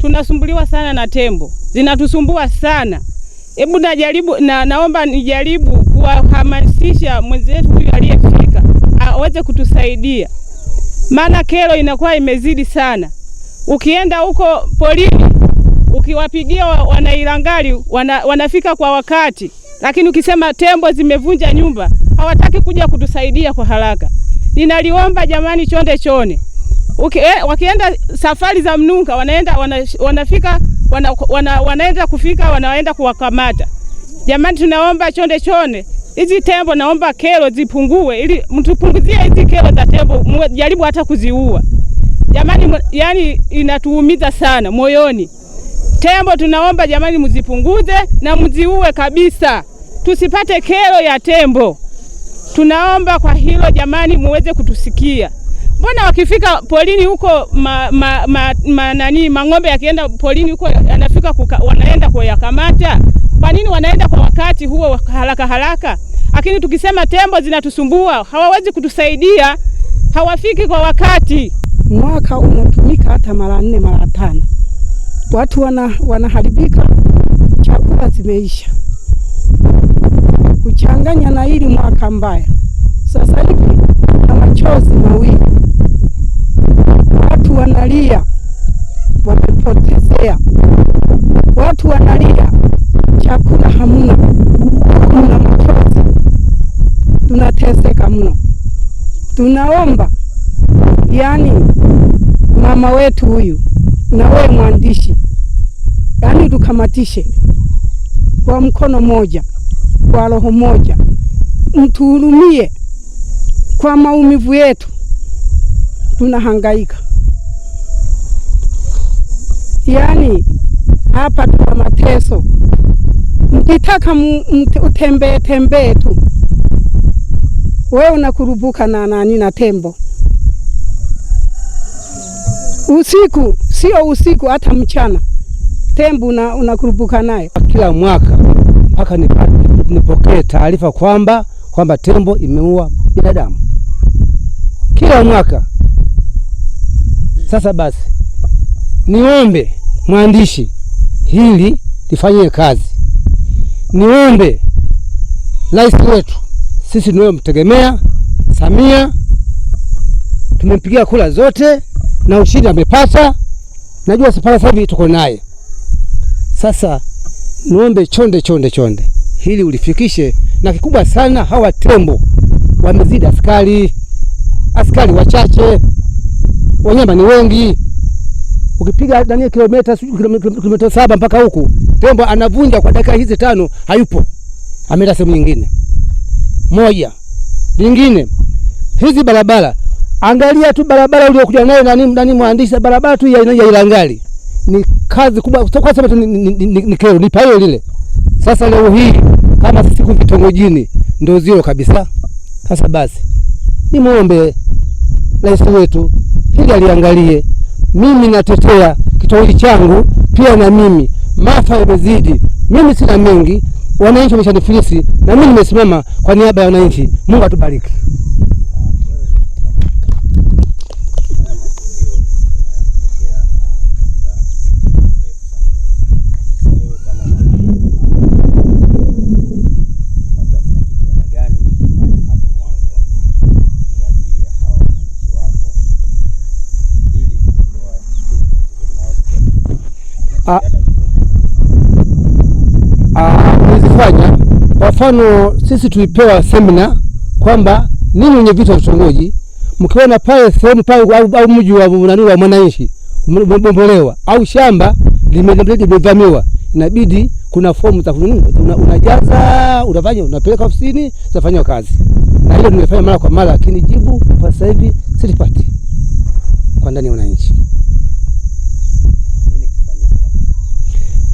tunasumbuliwa sana na tembo, zinatusumbua sana. Hebu najaribu na, naomba nijaribu kuwahamasisha mwenzetu huyu aliyefika aweze kutusaidia, maana kero inakuwa imezidi sana. Ukienda huko polini ukiwapigia wanailangali wana, wanafika kwa wakati, lakini ukisema tembo zimevunja nyumba hawataki kuja kutusaidia kwa haraka. Ninaliomba jamani, chonde chone okay, eh, wakienda safari za mnunga wanaenda wana, wanafika wana, wana, wanaenda kufika wanaenda kuwakamata. Jamani, tunaomba chonde chonde hizi tembo, naomba kero zipungue, ili mtupunguzie hizi kero za tembo, mjaribu hata kuziua jamani. Yani inatuumiza sana moyoni. Tembo tunaomba jamani, mzipunguze na mziue kabisa, tusipate kero ya tembo. Tunaomba kwa hilo jamani, muweze kutusikia. Mbona wakifika polini huko ma, ma, ma, ma, nani mang'ombe yakienda polini huko anafika kuka, wanaenda kuyakamata. Kwa nini wanaenda kwa wakati huo haraka haraka? Lakini tukisema tembo zinatusumbua, hawawezi kutusaidia, hawafiki kwa wakati. Mwaka unatumika hata mara nne mara tano, watu wana, wanaharibika, chakula zimeisha, kuchanganya na ili mwaka mbaya sasa hivi na machozi mawili wanalia, wamepotezea. Watu wanalia, chakula hamuna, kuna machozi, tunateseka mno. Tunaomba yani mama wetu huyu na wewe mwandishi, yani tukamatishe kwa mkono moja, kwa roho moja, mtuhurumie kwa maumivu yetu, tunahangaika yani hapa tuna mateso, mkitaka utembee tembee tu, wewe unakurubuka na nani na tembo usiku, sio usiku, hata mchana tembo unakurubuka naye kila mwaka, mpaka nipokee taarifa kwamba kwamba tembo imeua binadamu kila mwaka. Sasa basi niombe mwandishi, hili lifanyie kazi. Niombe rais wetu sisi tunayomtegemea Samia, tumempigia kura zote na ushindi amepata, najua sasa tuko naye. Sasa niombe chonde chonde chonde, hili ulifikishe, na kikubwa sana, hawa tembo wamezidi askari, askari wachache, wanyama ni wengi ukipiga nani kilomita kilomita saba mpaka huku, tembo anavunja kwa dakika hizi tano, hayupo ameenda sehemu nyingine. Moja lingine, hizi barabara, angalia tu barabara uliokuja nayo nani nani, mwandishi barabara tu ya ya Ilangali ni kazi kubwa, sio kwa sababu ni, ni, ni, ni, ni kero ni paio lile. Sasa leo hii kama sisi kwa kitongojini ndio zero kabisa. Sasa basi, ni muombe rais wetu hili aliangalie mimi natetea kitowili changu pia na mimi maafa yamezidi. Mimi sina mengi, wananchi wameshanifilisi na mimi nimesimama kwa niaba ya wananchi. Mungu atubariki. kuzifanya. Ah. Ah, kwa mfano, sisi tulipewa semina kwamba ninyi wenye vitu wa vitongoji mkiona pale sehemu pale au mji wa nani wa mwananchi umebomolewa au shamba limevamiwa, inabidi kuna fomu za unajaza, unafanya unapeleka ofisini, zafanywa kazi. Na hilo nimefanya mara kwa mara, lakini jibu kwa sasa hivi silipati kwa ndani ya wananchi.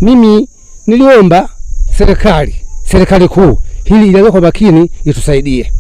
mimi niliomba serikali serikali kuu hili ilianza kwa makini itusaidie.